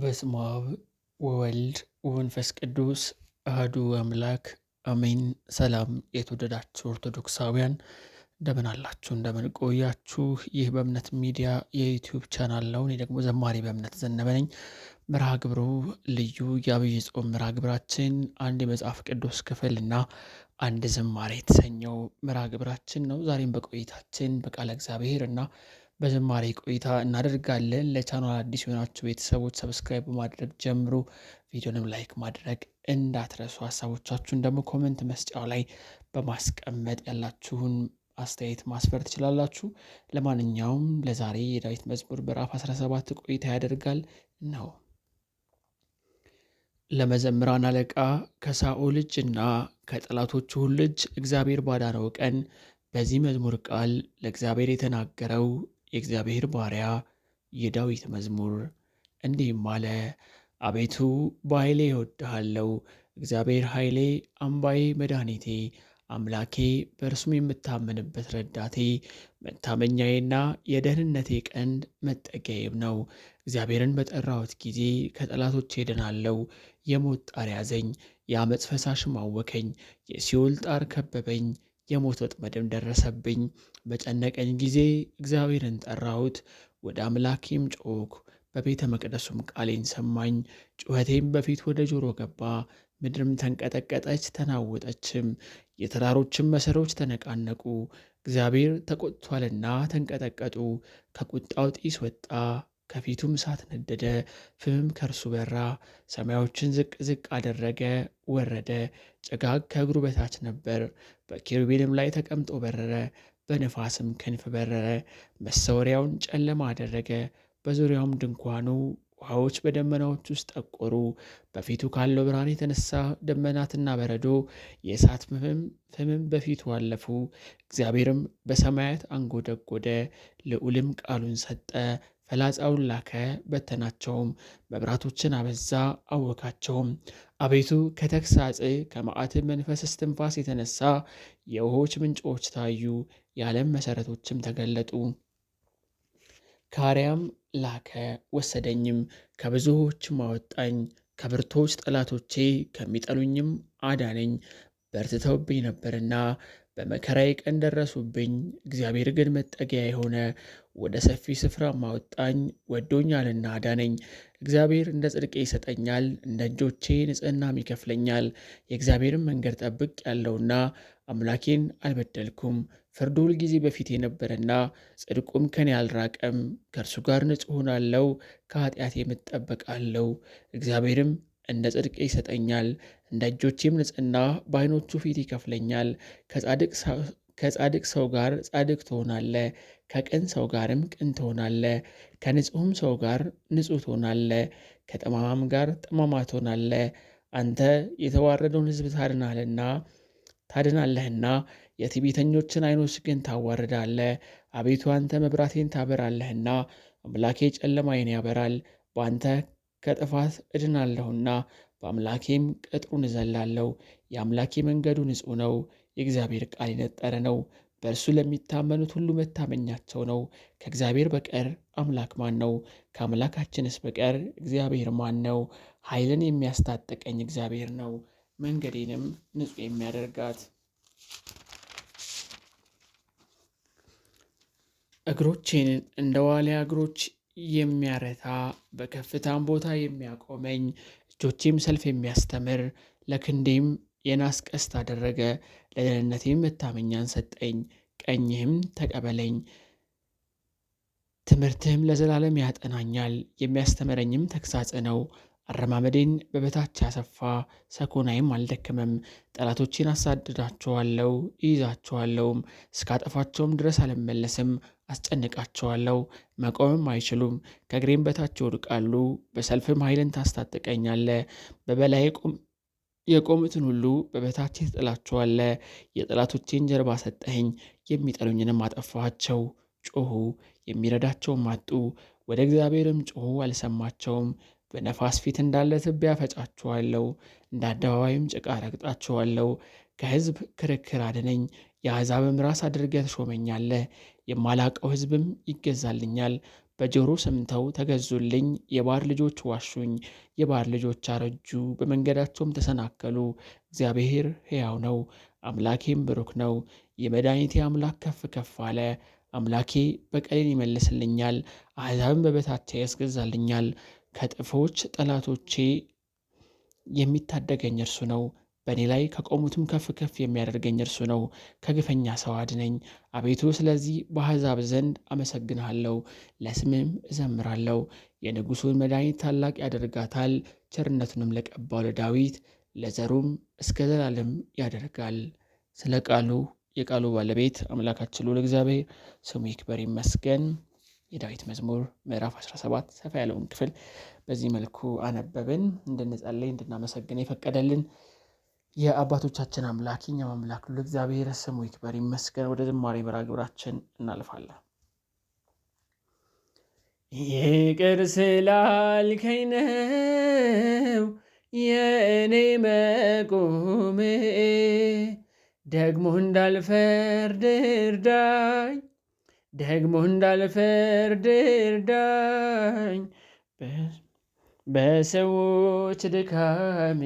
በስመ አብ ወወልድ ወመንፈስ ቅዱስ አህዱ አምላክ አሜን። ሰላም የተወደዳችሁ ኦርቶዶክሳውያን እንደምን አላችሁ? እንደምን ቆያችሁ? ይህ በእምነት ሚዲያ የዩቲዩብ ቻናል ነው። እኔ ደግሞ ዘማሪ በእምነት ዘነበ ነኝ። መርሃ ግብሩ ልዩ የአብይ ጾም መርሃ ግብራችን አንድ የመጽሐፍ ቅዱስ ክፍል እና አንድ ዝማሬ የተሰኘው መርሃ ግብራችን ነው። ዛሬም በቆይታችን በቃለ እግዚአብሔር እና በዝማሬ ቆይታ እናደርጋለን። ለቻናል አዲስ የሆናችሁ ቤተሰቦች ሰብስክራይብ በማድረግ ጀምሩ። ቪዲዮንም ላይክ ማድረግ እንዳትረሱ። ሀሳቦቻችሁን ደግሞ ኮመንት መስጫው ላይ በማስቀመጥ ያላችሁን አስተያየት ማስፈር ትችላላችሁ። ለማንኛውም ለዛሬ የዳዊት መዝሙር ምዕራፍ 17 ቆይታ ያደርጋል ነው ለመዘምራን አለቃ ከሳኦል እጅ እና ከጠላቶቹ ሁሉ እጅ እግዚአብሔር ባዳነው ቀን በዚህ መዝሙር ቃል ለእግዚአብሔር የተናገረው የእግዚአብሔር ባሪያ የዳዊት መዝሙር እንዲህም አለ። አቤቱ በኃይሌ እወድሃለሁ። እግዚአብሔር ኃይሌ፣ አምባዬ፣ መድኃኒቴ፣ አምላኬ በእርሱም የምታመንበት ረዳቴ፣ መታመኛዬና የደህንነቴ ቀንድ መጠጊያዬም ነው። እግዚአብሔርን በጠራሁት ጊዜ ከጠላቶቼ እድናለሁ። የሞት ጣር ያዘኝ፣ የአመፅ ፈሳሽም አወከኝ፣ የሲኦል ጣር ከበበኝ። የሞት ወጥመድም ደረሰብኝ። በጨነቀኝ ጊዜ እግዚአብሔርን ጠራሁት፣ ወደ አምላኬም ጮኽኩ። በቤተ መቅደሱም ቃሌን ሰማኝ። ጩኸቴም በፊት ወደ ጆሮ ገባ። ምድርም ተንቀጠቀጠች ተናወጠችም፣ የተራሮችም መሰሮች ተነቃነቁ። እግዚአብሔር ተቆጥቷልና ተንቀጠቀጡ፣ ከቁጣው ጢስ ወጣ፣ ከፊቱም እሳት ነደደ፣ ፍምም ከእርሱ በራ። ሰማዮችን ዝቅ ዝቅ አደረገ፣ ወረደ። ጭጋግ ከእግሩ በታች ነበር። በኪሩቤልም ላይ ተቀምጦ በረረ፣ በነፋስም ክንፍ በረረ። መሰወሪያውን ጨለማ አደረገ፣ በዙሪያውም ድንኳኑ ውሃዎች በደመናዎች ውስጥ ጠቆሩ። በፊቱ ካለው ብርሃን የተነሳ ደመናትና በረዶ የእሳት ፍምም በፊቱ አለፉ። እግዚአብሔርም በሰማያት አንጎደጎደ፣ ልዑልም ቃሉን ሰጠ። ፈላጻውን ላከ በተናቸውም፣ መብራቶችን አበዛ አወካቸውም። አቤቱ ከተግሳጽ ከመዓት መንፈስ እስትንፋስ የተነሳ የውሆች ምንጮች ታዩ፣ የዓለም መሠረቶችም ተገለጡ። ካሪያም ላከ ወሰደኝም፣ ከብዙዎችም አወጣኝ፣ ከብርቶች ጠላቶቼ ከሚጠሉኝም አዳነኝ። በርትተውብኝ ነበርና በመከራዬ ቀን ደረሱብኝ። እግዚአብሔር ግን መጠጊያ የሆነ ወደ ሰፊ ስፍራ ማወጣኝ ወዶኛልና አዳነኝ። እግዚአብሔር እንደ ጽድቄ ይሰጠኛል፣ እንደ እጆቼ ንጽህና ይከፍለኛል። የእግዚአብሔርን መንገድ ጠብቅ ያለውና አምላኬን አልበደልኩም። ፍርዱ ሁልጊዜ በፊት የነበረና ጽድቁም ከኔ አልራቀም። ከእርሱ ጋር ንጹሕ ሆናለሁ፣ ከኃጢአቴም እጠበቃለሁ። እግዚአብሔርም እንደ ጽድቅ ይሰጠኛል፣ እንደ እጆቼም ንጽህና በዓይኖቹ ፊት ይከፍለኛል። ከጻድቅ ከጻድቅ ሰው ጋር ጻድቅ ትሆናለ፣ ከቅን ሰው ጋርም ቅን ትሆናለ፣ ከንጹሕም ሰው ጋር ንጹሕ ትሆናለ፣ ከጠማማም ጋር ጠማማ ትሆናለ። አንተ የተዋረደውን ሕዝብ ታድናለህና ታድናለህና የትዕቢተኞችን ዓይኖች ግን ታዋርዳለህ። አቤቱ አንተ መብራቴን ታበራለህና አምላኬ ጨለማዬን ያበራል። በአንተ ከጥፋት እድናለሁና በአምላኬም ቅጥሩን እዘላለሁ። የአምላኬ መንገዱ ንጹሕ ነው። የእግዚአብሔር ቃል የነጠረ ነው። በእርሱ ለሚታመኑት ሁሉ መታመኛቸው ነው። ከእግዚአብሔር በቀር አምላክ ማን ነው? ከአምላካችንስ በቀር እግዚአብሔር ማን ነው? ኃይልን የሚያስታጠቀኝ እግዚአብሔር ነው፣ መንገዴንም ንጹሕ የሚያደርጋት እግሮቼን እንደ ዋሊያ እግሮች የሚያረታ በከፍታም ቦታ የሚያቆመኝ እጆቼም ሰልፍ የሚያስተምር ለክንዴም የናስ ቀስት አደረገ። ለደህንነቴም መታመኛን ሰጠኝ። ቀኝህም ተቀበለኝ። ትምህርትህም ለዘላለም ያጠናኛል። የሚያስተምረኝም ተግሳጽ ነው። አረማመዴን በበታች ያሰፋ፣ ሰኮናይም አልደክመም። ጠላቶቼን አሳድዳቸዋለሁ፣ ይይዛቸዋለሁም፣ እስካጠፋቸውም ድረስ አልመለስም። አስጨንቃቸዋለሁ፣ መቆምም አይችሉም። ከእግሬም በታች ይወድቃሉ። በሰልፍም ኃይልን ታስታጥቀኛለህ። ቁም የቆሙትን ሁሉ በበታቼ ትጥላቸዋለ። የጠላቶቼን ጀርባ ሰጠኸኝ፣ የሚጠሉኝንም አጠፋኋቸው። ጮኹ፣ የሚረዳቸውም አጡ። ወደ እግዚአብሔርም ጮኹ፣ አልሰማቸውም። በነፋስ ፊት እንዳለ ትቢያ ፈጫችኋለሁ፣ እንደ አደባባይም ጭቃ ረግጣቸዋለሁ። ከሕዝብ ክርክር አድነኝ፣ የአሕዛብም ራስ አድርገህ ትሾመኛለህ። የማላቀው ሕዝብም ይገዛልኛል። በጆሮ ሰምተው ተገዙልኝ። የባር ልጆች ዋሹኝ፣ የባር ልጆች አረጁ፣ በመንገዳቸውም ተሰናከሉ። እግዚአብሔር ሕያው ነው፣ አምላኬም ብሩክ ነው። የመድኃኒቴ አምላክ ከፍ ከፍ አለ። አምላኬ በቀሌን ይመልስልኛል፣ አሕዛብን በበታቼ ያስገዛልኛል። ከጥፎች ጠላቶቼ የሚታደገኝ እርሱ ነው። በእኔ ላይ ከቆሙትም ከፍ ከፍ የሚያደርገኝ እርሱ ነው። ከግፈኛ ሰው አድነኝ አቤቱ። ስለዚህ በአሕዛብ ዘንድ አመሰግንሃለሁ፣ ለስምም እዘምራለሁ። የንጉሡን መድኃኒት ታላቅ ያደርጋታል፣ ቸርነቱንም ለቀባው ለዳዊት ለዘሩም እስከ ዘላለም ያደርጋል። ስለ ቃሉ የቃሉ ባለቤት አምላካችን ልዑል እግዚአብሔር ስሙ ይክበር ይመስገን። የዳዊት መዝሙር ምዕራፍ 17 ሰፋ ያለውን ክፍል በዚህ መልኩ አነበብን። እንድንጸለይ እንድናመሰግን የፈቀደልን የአባቶቻችን አምላክ የኛም አምላክ ለእግዚአብሔር ስሙ ይክበር ይመስገን። ወደ ዝማሬ መራ ግብራችን እናልፋለን። ይቅር ስላልከኝ ነው የእኔ መቆሜ፣ ደግሞ እንዳልፈርድ እርዳኝ፣ ደግሞ እንዳልፈርድ እርዳኝ በሰዎች ድካሜ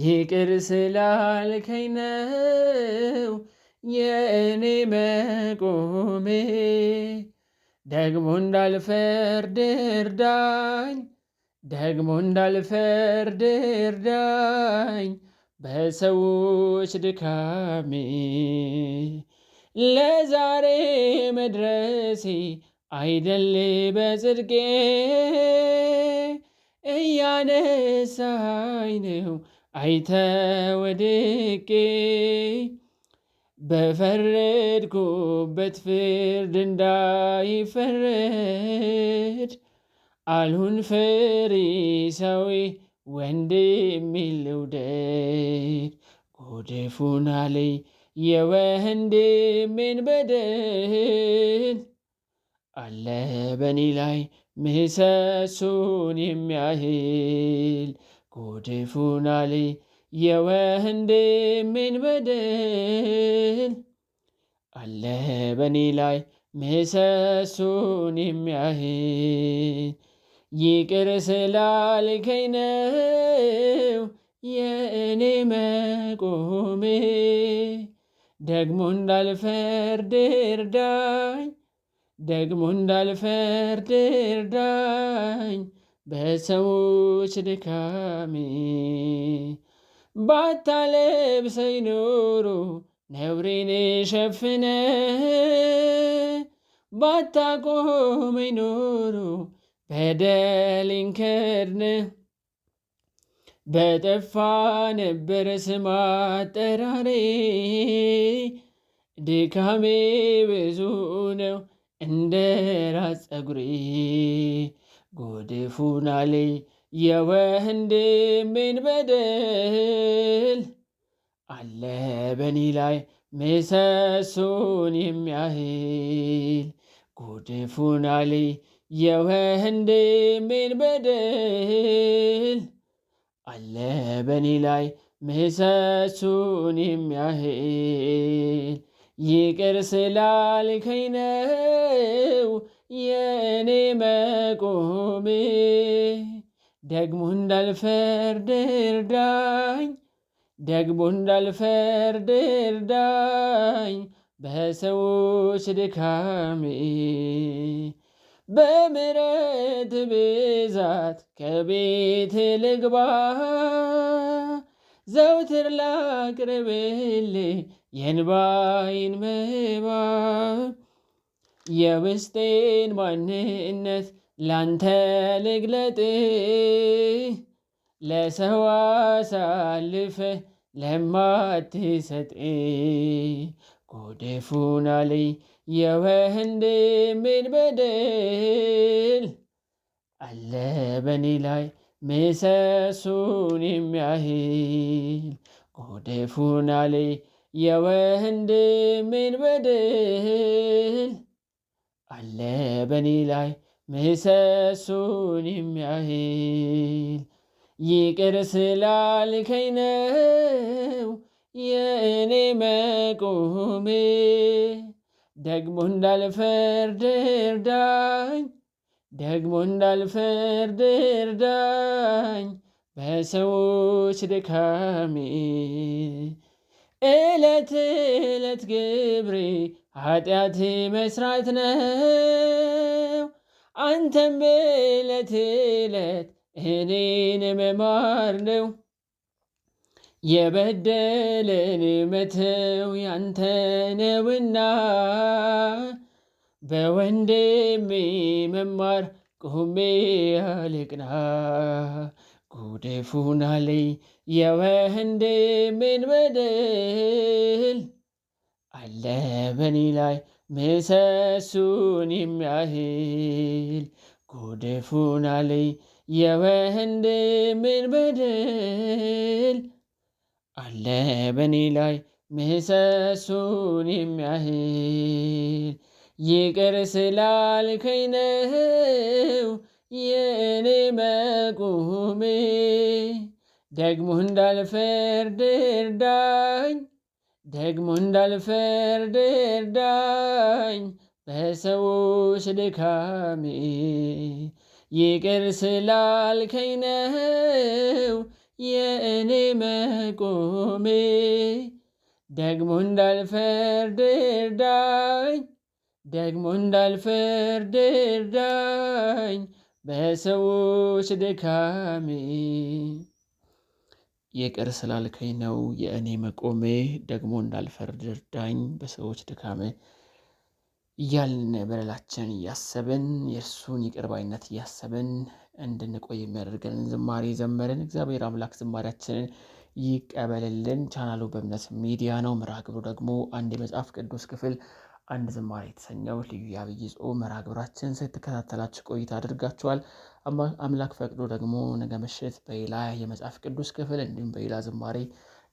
ይቅር ስላልከኝ ነው የእኔ መቆሜ፣ ደግሞ እንዳልፈርድ እርዳኝ፣ ደግሞ እንዳልፈርድ እርዳኝ በሰዎች ድካሜ። ለዛሬ መድረሴ አይደል በጽድቄ እያነሳኝ ነው አይተ ወድቄ በፈረድኩበት ፍርድ እንዳይፈረድ አልሁን ፈሪሳዊ ወንድሜ ልውደድ። ጎድፉን አለኝ የወንድሜን በደል አለ በኔ ላይ ምሰሱን የሚያህል ጎድፉናል የወንድሜን በደል አለ በኔ ላይ ምሰሱን የሚያህል ይቅር ስላልከኝ ነው የእኔ መቆሜ ደግሞ እንዳልፈርድ እርዳኝ ደግሞ እንዳልፈርድ እርዳኝ በሰዎች ድካሜ ባታለብሰኝ ኖሮ ነውሬን ሸፍነ ባታቆመኝ ኖሮ በደሌን ከድነ በጠፋ ነበረ ስም አጠራሬ ድካሜ ብዙ ነው እንደ ራስ ፀጉሬ ጉድፉና ልይ የወንድሜን በደል አለ በኒ ላይ ምሰሶን የሚያህል ጉድፉና ልይ የወንድሜን በደል አለ በኒ ላይ ምሰሱን የሚያህል ይቅር ስላልከኝ ነው የእኔ መቆሜ ደግሞ እንዳልፈርድ እርዳኝ፣ ደግሞ እንዳልፈርድ እርዳኝ በሰዎች ድካሜ በምረት ብዛት ከቤት ልግባ ዘውትር ላቅርብልህ የንባይን መባ የውስጤን ማንነት ላንተ ልግለጥ ለሰው አሳልፈ ለማትሰጥ ጎደፉን አለይ የወንድሜን በደል አለ በኔ ላይ ምሰሱን የሚያህል ጎደፉን አለይ የወንድሜን በደል አለ በእኔ ላይ ምሰሱን የሚያህል ይቅር ስላልከኝ ነው የእኔ መቆሜ። ደግሞ እንዳልፈርድ እርዳኝ፣ ደግሞ እንዳልፈርድ እርዳኝ በሰዎች ድካሜ ዕለት ዕለት ግብሬ ኃጢአት መስራት ነው። አንተም በዕለት ዕለት እኔን መማር ነው። የበደልን መተው ያንተ ነውና በወንድሜ መማር ቁሜ አልቅና ጉድፉና ላይ የወንድሜን በደል አለ በኔ ላይ ምሰሱን የሚያህል ጎደፉን አለይ የወንድምን በደል አለ በኔ ላይ ምሰሱን የሚያህል ይቅር ስላልከኝ ነው የእኔ መቁሜ ደግሞ እንዳልፈርድ እርዳኝ ደግሞ እንዳልፈርድ እርዳኝ በሰዎች ድካሜ ይቅር ስላልከኝ ነው የእኔ መቆሜ። ደግሞ እንዳልፈርድ እርዳኝ ደግሞ እንዳልፈርድ እርዳኝ በሰዎች ድካሜ ይቅር ስላልከኝ ነው የእኔ መቆሜ፣ ደግሞ እንዳልፈርድ እርዳኝ በሰዎች ድካሜ እያልን በሌላችን እያሰብን የእርሱን ይቅር ባይነት እያሰብን እንድንቆይ የሚያደርገን ዝማሬ ዘመርን። እግዚአብሔር አምላክ ዝማሬያችንን ይቀበልልን። ቻናሉ በእምነት ሚዲያ ነው። መርሃ ግብሩ ደግሞ አንድ የመጽሐፍ ቅዱስ ክፍል አንድ ዝማሬ የተሰኘው ልዩ የአብይ ጾም መርሃ ግብራችን ስትከታተላችሁ ቆይታ አድርጋችኋል። አምላክ ፈቅዶ ደግሞ ነገ ምሽት በሌላ የመጽሐፍ ቅዱስ ክፍል እንዲሁም በሌላ ዝማሬ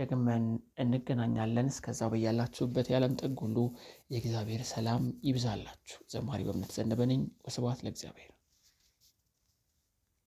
ደግመን እንገናኛለን። እስከዛው በያላችሁበት የዓለም ጥግ ሁሉ የእግዚአብሔር ሰላም ይብዛላችሁ። ዘማሪ በእምነት ዘነበ ነኝ። ወስብሐት ለእግዚአብሔር።